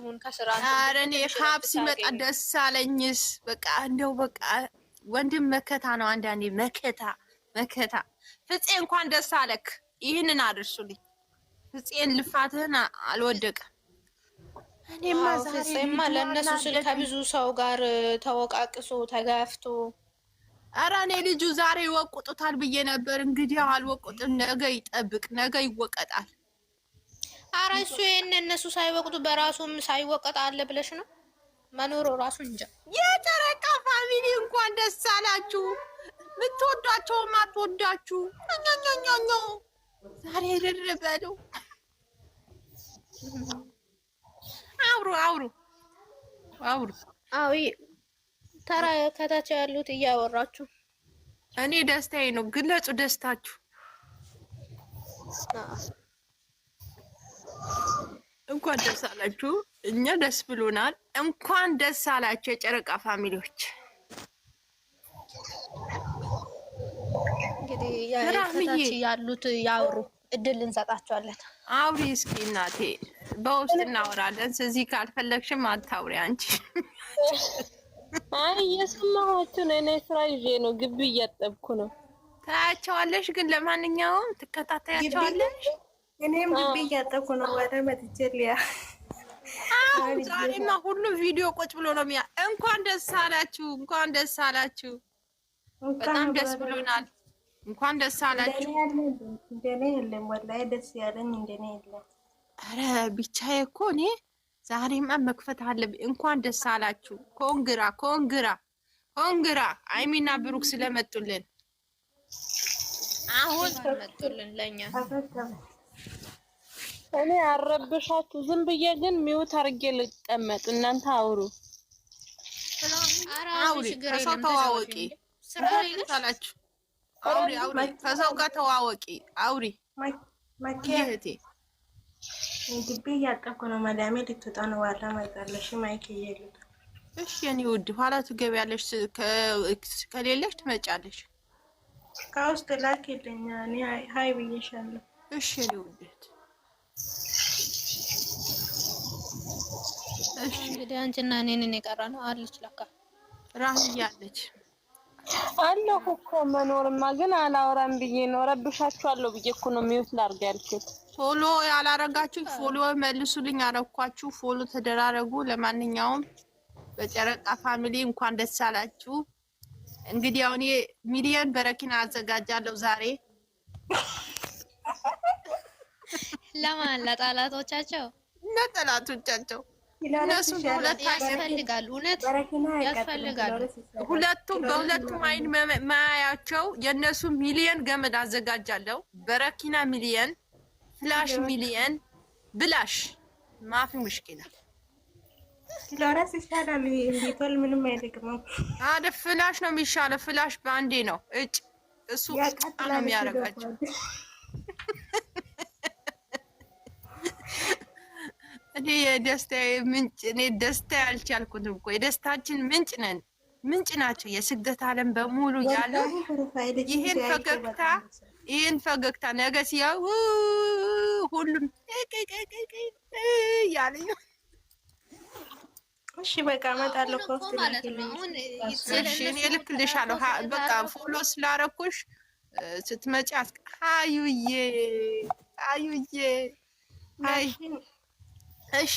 አሁን ከስራ አረኔ ሀብ ሲመጣ ደስ አለኝስ። በቃ እንደው በቃ ወንድም መከታ ነው አንዳንዴ መከታ መከታ። ፍፄ እንኳን ደስ አለክ። ይህንን አድርሱልኝ። ፍፄን ልፋትህን አልወደቀም። እኔማ ዛሬማ ለእነሱ ስል ከብዙ ሰው ጋር ተወቃቅሶ ተጋፍቶ አረ እኔ ልጁ ዛሬ ይወቁጡታል ብዬ ነበር። እንግዲህ አልወቁጥም። ነገ ይጠብቅ፣ ነገ ይወቀጣል። አረ እሱ ይሄን እነሱ ሳይወቅጡ በራሱም ሳይወቀጥ አለ ብለሽ ነው መኖሩ ራሱ እንጃ። የጨረቃ ፋሚሊ እንኳን ደስ አላችሁ። ምትወዷቸውም ማትወዷችሁ ኛኛኛኛ ዛሬ ደረበለው። አውሩ አውሩ አውሩ። አዎ ተራ ከታች ያሉት እያወራችሁ እኔ ደስታዬ ነው። ግለጹ ደስታችሁ እንኳን ደስ አላችሁ። እኛ ደስ ብሎናል። እንኳን ደስ አላችሁ የጨረቃ ፋሚሊዎች። እንግዲህ ያሉት ያውሩ፣ እድል እንሰጣቸዋለን። አውሪ እስኪ እናቴ፣ በውስጥ እናወራለን። እዚህ ካልፈለግሽም አታውሪ አንቺ። አይ እየሰማኋችሁ ነው። እኔ ስራ ይዤ ነው፣ ግቢ እያጠብኩ ነው። ታያቸዋለሽ፣ ግን ለማንኛውም ትከታተያቸዋለሽ እኔም ልቤ እያጠብኩ ነው። ወደ መጥቼ ሊያ ዛሬማ ሁሉም ቪዲዮ ቁጭ ብሎ ነው ሚያ። እንኳን ደስ አላችሁ፣ እንኳን ደስ አላችሁ። በጣም ደስ ብሎናል። እንኳን ደስ አላችሁ። እንደኔ የለም ወላሂ ደስ ያለኝ እንደኔ የለም። ብቻዬ እኮ እኔ ዛሬማ መክፈት አለብኝ። እንኳን ደስ አላችሁ። ኮንግራ ኮንግራ ኮንግራ አይሚና ብሩክ ስለመጡልን አሁን ለእኛ እኔ አረብሻችሁ ዝም ብዬ ግን ሚውት አድርጌ ልቀመጥ፣ እናንተ አውሩ። ከሰው ተዋወቂ አላችሁ። ከሰው ጋር ተዋወቂ፣ አውሪ። እህቴ ግቢ እያጠብኩ ነው። መዳሜ ልትወጣ ነው። ዋላ ማይቃለሽ ማይክ እየሉ እሺ፣ የኔ ውድ ኋላ ትገቢያለሽ። ከሌለሽ ትመጫለሽ። ከውስጥ ላክ ሀይ ብዬሻለሁ። እሺ የኔ ውድ እንግዲህ አንቺና እኔን የቀረ ነው አለች። ለካ ራህያ አለች አለሁ እኮ መኖርማ ግን አላወራም ብዬ ነው። ረብሻችኋለሁ ብዬ እኮ ነው ሚውት ላድርግ ያልኩት። ፎሎ ያላረጋችሁ ፎሎ መልሱልኝ፣ አረኳችሁ። ፎሎ ተደራረጉ። ለማንኛውም በጨረቃ ፋሚሊ እንኳን ደስ አላችሁ። እንግዲህ አሁን ሚሊየን በረኪና አዘጋጃለሁ ዛሬ ለማን ለጠላቶቻቸው ለጠላቶቻቸው እነሱ በሁለት ያስፈልጋል እውነት ያስፈልጋል ሁለቱም በሁለቱም አይን ማያቸው የእነሱ ሚሊየን ገመድ አዘጋጃለሁ። በረኪና ሚሊየን፣ ፍላሽ ሚሊየን፣ ብላሽ ማፊ ሙሽኪላ ፍሎረስ ይሻላል። ቢቶል ምንም አይጠቅመው። አደ ፍላሽ ነው የሚሻለው። ፍላሽ በአንዴ ነው እጭ እሱ ነው የሚያደርጋቸው። እኔ የደስታ ምንጭ እኔ ደስታ ያልቻልኩትም እኮ የደስታችን ምንጭ ነን፣ ምንጭ ናቸው። የስግደት ዓለም በሙሉ ያለው ይህን ፈገግታ ይህን ፈገግታ ነገ ሲያው ሁሉም ያለ እሺ በቃ እመጣለሁ እኮ ማለት ነው። እኔ እልክልሻለሁ። በቃ ፎሎ ስላረኩሽ ስትመጪ አስቀ አዩዬ ሀዩዬ እሺ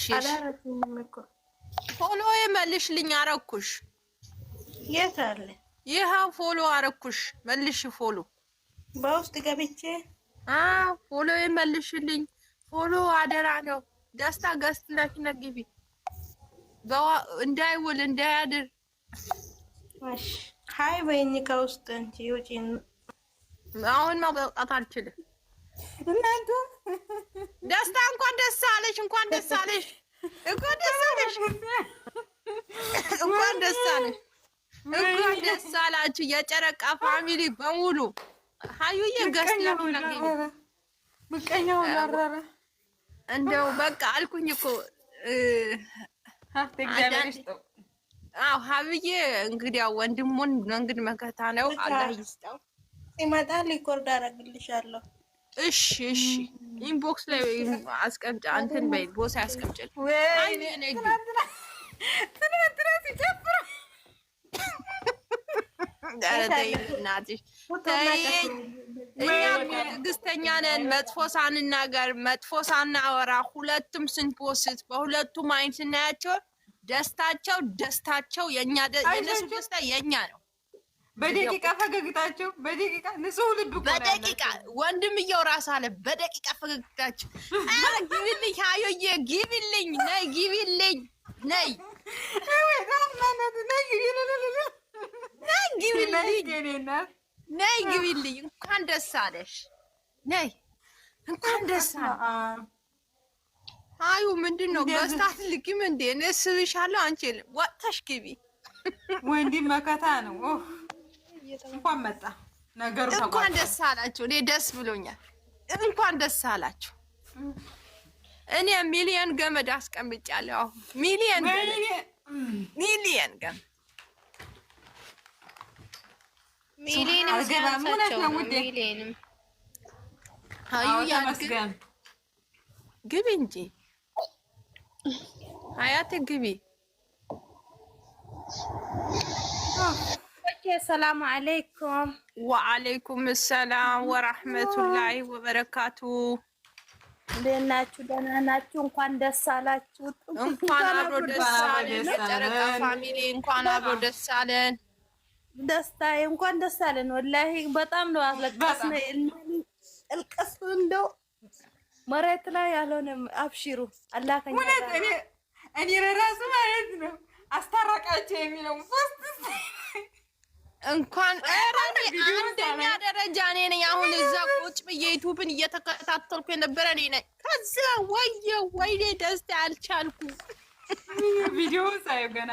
ፎሎ መልሽልኝ። አረኩሽ። የት አለ? ፎሎ አረኩሽ። መልሽ ፎሎ በውስጥ ገብቼ ፎሎ ፎሎ አደራ ነው። ደስታ ገዝትላችሁ ነግቢ እንዳይውል እንዳያድር። ሀይ በይኝ ከውስጥ እንጂ ውጪ። አሁን መውጣት አልችልም። እናንተ ደስታ እንኳን ደስ አለሽ፣ እንኳን ደስ አለሽ፣ እንኳን ደስ አለሽ፣ እንኳን ደስ አለሽ፣ እንኳን ደስ አላችሁ የጨረቃ ፋሚሊ በሙሉ። ሀዩዬ ገስ ምቀኛው ላረረ እንደው በቃ አልኩኝ እኮ አዎ ሀብዬ እንግዲህ ወንድሙን መንገድ መከታ ነው። አላህ ይስጠው። ሲመጣ ሊኮርድ አደርግልሻለሁ እሺ እሺ፣ ኢንቦክስ ላይ አስቀምጫ አንተን በይ ቦሳ ያስቀምጫል። ትዕግስተኛ ነን። መጥፎ ሳንናገር መጥፎ ሳናወራ ሁለቱም ስንፖስት በሁለቱም አይን ስናያቸው ደስታቸው ደስታቸው የእኛ የእነሱ ደስታ የእኛ ነው። በደቂቃ ፈገግታቸው በደቂቃ ንጹህ ልብ በደቂቃ ወንድምየው ራስ አለ። በደቂቃ ፈገግታቸው ግቢልኝ፣ ሀዮዬ ግቢልኝ፣ ነይ ግቢልኝ፣ ነይ ነይ ግቢልኝ፣ እንኳን ደስ አለሽ፣ ነይ እንኳን ደስ አለ። አዩ ምንድን ነው ገዝታት ልኪም እንዴ? እኔ ስብሻለሁ፣ አንቺ ወጥተሽ ግቢ። ወንድም መከታ ነው። እንኳን መጣ ነገሩ። እንኳን ደስ አላችሁ። እኔ ደስ ብሎኛል። እንኳን ደስ አላችሁ። እኔ ሚሊየን ገመድ አስቀምጫለሁ። አሁን ሚሊየን ሚሊየን ገመድ ግቢ እንጂ አያቴ ግቢ ሰላሙ አለይኩም። ወአለይኩም ሰላም ወራህመቱላሂ ወበረካቱ። እንዴት ናችሁ? ደህና ናችሁ? እንኳን ደስ አላችሁ። እንኳን አብሮ ደስ አለን። ጨረቃ ፋሚሊ እንኳን አብሮ ደስ አለን። ደስታዬ እንኳን ደስ አለን። ወላሂ በጣም ነው አስለቀስነ እልቀስ እንደው መሬት ላይ ያልሆነም አብሽሩ አላህ ከኛ እኔ እኔ ራሱ ማለት ነው አስታረቃቸው የሚለው ሶስት እንኳን አንደኛ ደረጃ እኔ ነኝ። አሁን እዛ ቁጭ ብዬ ዩቱብን እየተከታተልኩ የነበረ እኔ ነኝ። ከዛ ወየ ወይኔ ደስታ አልቻልኩ። ቪዲዮ ሳዩ ገና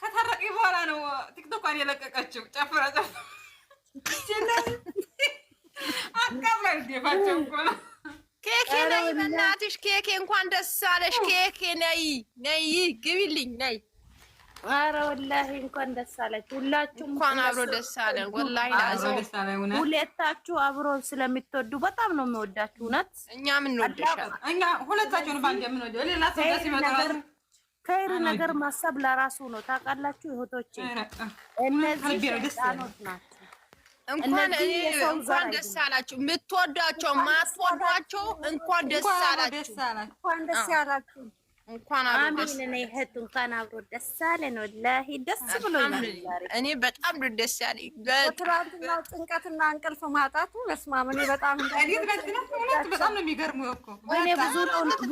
ከታረቂ በኋላ ነው ቲክቶኳን የለቀቀችው። ጨፍራ ጨፍራ አቃብላ ይደፋቸው እኮ ነው። ኬኬ ነይ በእናትሽ ኬኬ፣ እንኳን ደስ አለሽ ኬኬ። ነይ ነይ ግቢልኝ ነይ አረ ወላሂ እንኳን ደስ አላችሁ ሁላችሁ፣ እንኳን አብሮ ደስ አለን። ወላሂ ሁለታችሁ አብሮ ስለምትወዱ በጣም ነው የሚወዳችሁ። እውነት እኛም እንወድሻለን። ከይሩ ነገር ማሰብ ለራሱ ነው ታውቃላችሁ። እህቶቼ እነዚህ ጣኖች እንኳን እንኳን ደስ አላችሁ የምትወዷቸው ማትወዷቸው እንኳን ደስ አላችሁ። እንኳን ደስ አላችሁ። አሚን እህት እንኳን አብሮ ደስ አለን። ወላሂ ደስ ብሎኛል። እኔ በጣም ደስ ያለኝ ትናንትና ጭንቀትና እንቅልፍ ማጣቱ መስማ እኔ በጣም በጣም ነው የሚገርመው እኮ እኔ ብዙ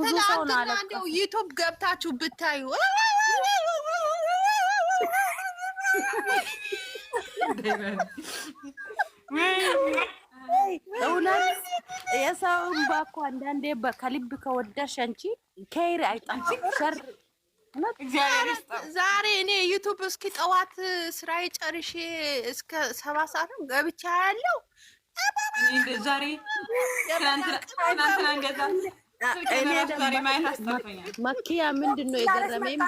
ብዙ ሰው ነው አለ ዩቱብ ገብታችሁ ብታዩ እውነት የሰውን ባኮ አንዳንዴ ከልብ ከወደሽ አንቺ ከይር አይጣፍጥ ሸር ዛሬ እኔ ዩቱብ እስኪ ጠዋት ስራዬ ጨርሼ እስከ ሰባት ሰዓት ገብቻ ያለው ዛሬ መኪያ ምንድን ነው የገረመኝ? መኪያ ምንድን ነው የገረመኝ?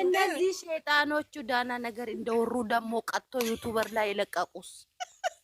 እነዚህ ሸይጣኖቹ ዳና ነገር እንደወሩ ደግሞ ቀጥቶ ዩቱበር ላይ የለቀቁስ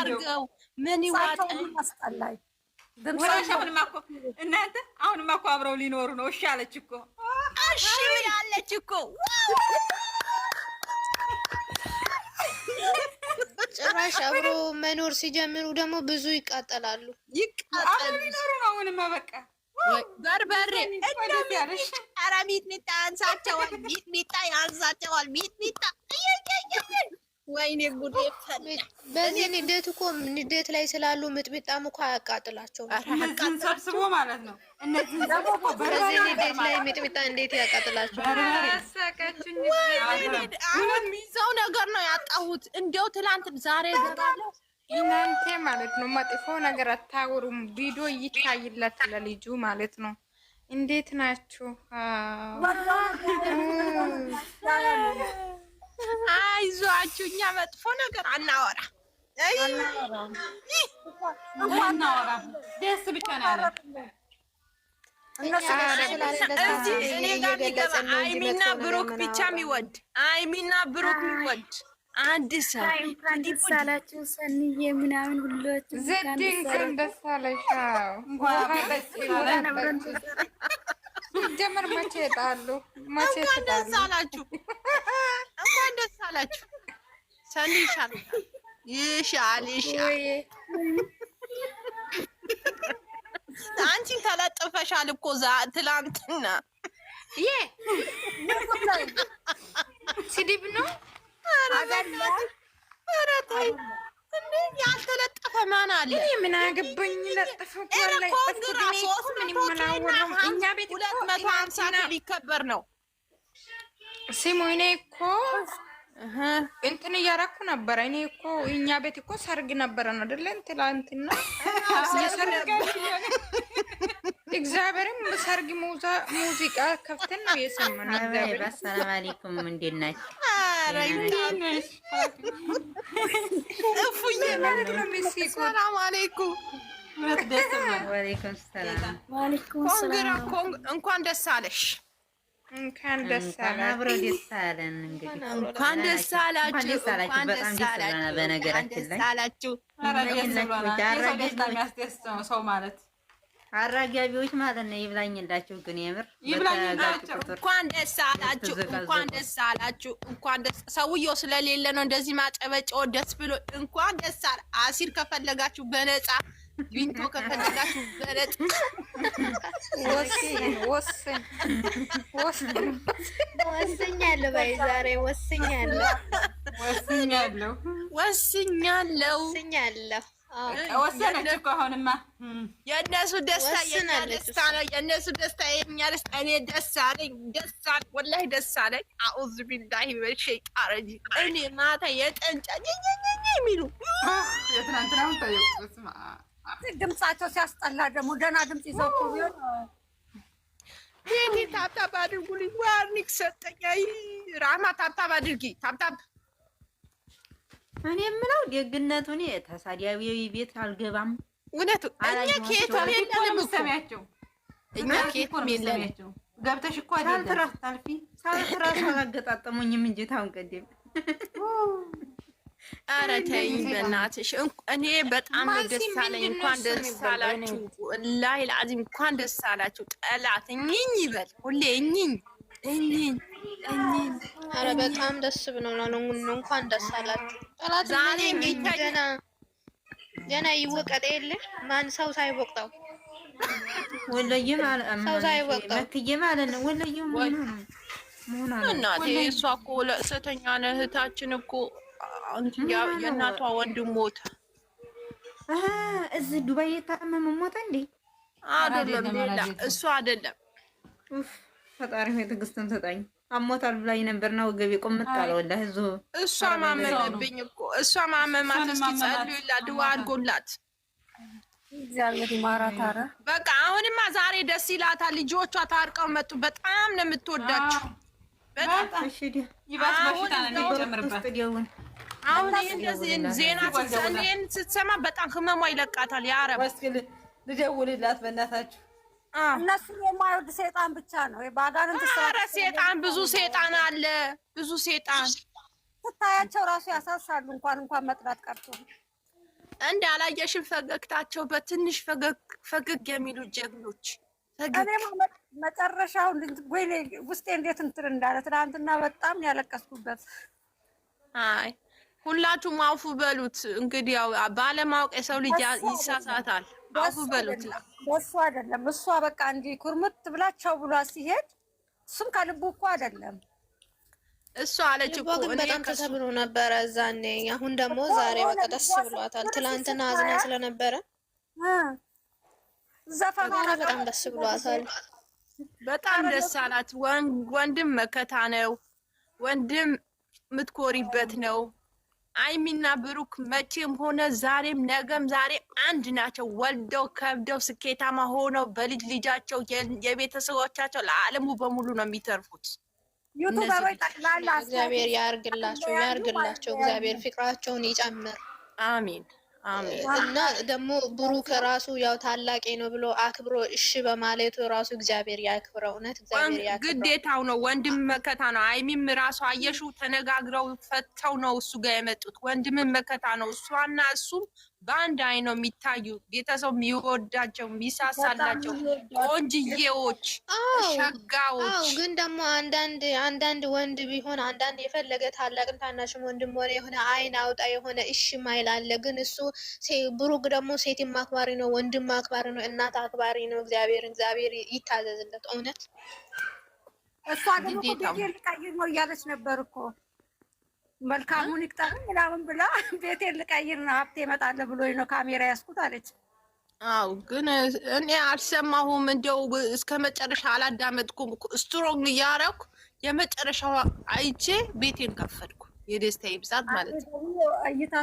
አርገው ምን ይዋጣል? እናንተ አሁንማ እኮ አብረው ሊኖሩ ነው። እሺ አለች እኮ እሺ ብላለች እኮ ጭራሽ አብሮ መኖር ሲጀምሩ ደግሞ ብዙ ይቃጠላሉ። ይቃጠላሉ ነው። ምንም በቃ በርበሬ ኧረ ሚጥሚጣ ያንሳቸዋል። ሚጥሚጣ ያንሳቸዋል። ሚጥሚጣ ወይኔ ጉዴ ፈላ። በዚህ ንዴት እኮ ንዴት ላይ ስላሉ ምጥሚጣም እኮ አያቃጥላቸውም። እነዚህን ሰብስቦ ማለት ነው። በዚህ ንዴት ላይ ምጥሚጣ እንዴት ያቃጥላቸዋል? አሁን ሚይዘው ነገር ነው ያጣሁት። እንዲያው ትላንት ዛሬ እናንተ ማለት ነው። መጥፎ ነገር አታውሩም። ቪዲዮ ይታይላት ለልጁ ማለት ነው። እንዴት ናችሁ? አይዟችሁ፣ እኛ መጥፎ ነገር አናወራ ደስ ብቻ አይሚና ብሩክ ብቻ የሚወድ አይሚና ብሩክ የሚወድ አንድ ሰው ሰንዬ ምናምን ሁሎች ጀመር መቼ ይጣሉ? መቼ እንኳን ደስ አላችሁ፣ እንኳን ደስ አላችሁ። ሰኒ ይሻል ይሻል ይሻል። አንቺ ተለጥፈሻል እኮ ዛ ትላንትና ስድብ ነው። ተይ ያልተለጠፈ ማን አለ? እኔ ምን አገባኝ? ለጠፈ ሁለት መቶ ሀምሳ ሊከበር ነው። ስሙ እኔ እኮ እንትን እያረኩ ነበረ። እኔ እኮ እኛ ቤት እኮ ሰርግ ነበረ ነው አይደለ? ትላንትና እግዚአብሔርም ሰርግ ሙዚቃ ከፍተን ነው የሰማን። እግዚአብሔር አሰላም አለይኩም እንዴት ናችሁ? እፉዬ ማለት ነው ሰላም አለይኩም ወአለይኩም ሰላም። እንኳን ደስ አለሽ። እንኳን ደስ ደስ አላችሁ። በጣም ደስ አላችሁ። በነገራችን ላይ ሰው ማለት አራጋቢዎች ማለት ነው። ይብላኝላችሁ ግን የምር ይብላኝላችሁ። እንኳን ደስ አላችሁ፣ እንኳን ደስ አላችሁ፣ እንኳን ደስ ሰውየው ስለሌለ ነው እንደዚህ ማጨበጨው ደስ ብሎ እንኳን ደስ አለ። አሲር ከፈለጋችሁ በነፃ ቢንቶ ከፈለጋችሁ በነፃ ወስኝ ወስኝ ወስኝ ወስኛለሁ። ባይ ዛሬ ወስኛለሁ፣ ወስኛለሁ፣ ወስኛለሁ፣ ወስኛለሁ ወሰነች እኮ አሁንማ የእነሱ ደስታ የእኛ ደስታ ነው። የእነሱ ደስታ የእኛ ደስታ። እኔ ደስ አለኝ፣ ደስ አለኝ፣ ወላሂ ደስ አለኝ። አኡዝ ቢላሂ በሸይጣን ረጂም እኔ ማታ የጠንጫ የሚሉ ድምጻቸው ሲያስጠላ ደግሞ ደህና ድምጽ ይዘው እኮ ቢሆን ይህ ታብታብ አድርጉልኝ። ዋርኒክ ሰጠኝ። ራህማ ታብታብ አድርጊ ታብታብ እኔ የምለው ደግነቱ እኔ ተሳዲያዊ ቤት አልገባም። እውነቱ እኛ ከየትም የለንም ሰሚያቸው እኛ ከየትም የለንም። ገብተሽ እኮ አይደለም ታልፊ ሳልትራሽ አላገጣጠሙኝም እንጂ ታውን ቀደም አረ ተይኝ በእናትሽ። እኔ በጣም ደስ አለኝ። እንኳን ደስ አላችሁ። ላይ ለአዚም እንኳን ደስ አላችሁ። ጠላት እኝኝ ይበል ሁሌ እኝኝ እኔን አረ በጣም ደስ ብሎናል። እንኳን ደስ አላችሁ። ጠላት ዛሬ ገና ገና ይወቀጥ የለ ማን ሰው ሳይወቅጠው ነው። ምን ነው እናቴ፣ እሷ እኮ ለእሰተኛ እህታችን እኮ የእናቷ ወንድም ሞተ። እዚህ ዱባይ የታመመ ሞተ እንዴ? አይደለም ሌላ እሱ አይደለም ፈጣሪ ሆይ ትዕግስትን ስጠኝ። አሞታል ብላኝ ነበርና ወገቤ ቆምጥ አለ። ወላሂ እሱ እሷ ማመመብኝ እኮ እሷ ማመማት። እስኪ ጸልዩላት፣ ድዋ አድጎላት እግዚአብሔር ይማራት። በቃ አሁንማ ዛሬ ደስ ይላታል። ልጆቿ ታርቀው መጡ። በጣም ነው የምትወዳቸው። በጣም ይባስ በሽታ ነው አሁን ይህን ዜና ስትሰማ በጣም ህመሟ ይለቃታል። የአረብ ልደውልላት በእናታችሁ እነሱን የማይወድ ሴጣን ብቻ ነው። በአጋንንት ኧረ ሴጣን ብዙ ሴጣን አለ፣ ብዙ ሴጣን ስታያቸው ራሱ ያሳሳሉ። እንኳን እንኳን መጥራት ቀርቶ እንደ አላየሽን ፈገግታቸው በትንሽ ፈገግ የሚሉ ጀግኖች። እኔማ መጨረሻው ወይኔ ውስጤ እንዴት እንትን እንዳለ ትናንትና በጣም ያለቀስኩበት። አይ ሁላችሁም አውፉ በሉት እንግዲህ ያው ባለማወቅ የሰው ልጅ ይሳሳታል። በሱ አይደለም። እሷ በቃ እንዲህ ኩርምት ብላቸው ብሏ ሲሄድ እሱም ከልቡ እኮ አይደለም። እሷ አለች እኮ ግን በጣም ነበረ እዛኔ። አሁን ደግሞ ዛሬ በቃ ደስ ብሏታል። ትላንትና አዝና ስለነበረ በጣም ደስ ብሏታል። በጣም ደስ አላት። ወንድም መከታ ነው። ወንድም የምትኮሪበት ነው። አይሚና ብሩክ መቼም ሆነ ዛሬም ነገም ዛሬም አንድ ናቸው። ወልደው ከብደው ስኬታማ ሆነው በልጅ ልጃቸው የቤተሰቦቻቸው ለዓለሙ በሙሉ ነው የሚተርፉት። እግዚአብሔር ያርግላቸው ያርግላቸው። እግዚአብሔር ፍቅራቸውን ይጨምር። አሚን እና ደግሞ ብሩክ ራሱ ያው ታላቅ ነው ብሎ አክብሮ እሺ በማለቱ ራሱ እግዚአብሔር ያክብረው። እውነት እግዚአብሔር ያክብረው፣ ግዴታው ነው። ወንድም መከታ ነው። አይሚም ራሱ አየሹ ተነጋግረው ፈተው ነው እሱ ጋር የመጡት። ወንድም መከታ ነው። እሷና እሱም በአንድ አይን ነው የሚታዩ ቤተሰብ የሚወዳቸው የሚሳሳላቸው ቆንጅዬዎች፣ ሸጋዎች። ግን ደግሞ አንዳንድ አንዳንድ ወንድ ቢሆን አንዳንድ የፈለገ ታላቅም ታናሽም ወንድም ሆነ የሆነ አይን አውጣ የሆነ እሺ ማይል አለ። ግን እሱ ብሩክ ደግሞ ሴትም አክባሪ ነው፣ ወንድም አክባሪ ነው፣ እናት አክባሪ ነው። እግዚአብሔር እግዚአብሔር ይታዘዝለት። እውነት እሷ ደግሞ ነው እያለች ነበር እኮ መልካሙን ይቅጠር ምናምን ብላ ቤቴን ልቀይር ነው ሀብቴ እመጣለሁ ብሎኝ ነው ካሜራ ያስኩት አለች። አው ግን እኔ አልሰማሁም። እንደው እስከ መጨረሻ አላዳመጥኩም። ስትሮንግ እያረኩ የመጨረሻው አይቼ ቤቴን ከፈትኩ። የደስታ ብዛት ማለት ነው። እይታ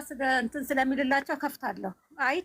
እንትን ስለሚልላቸው ከፍታለሁ አይ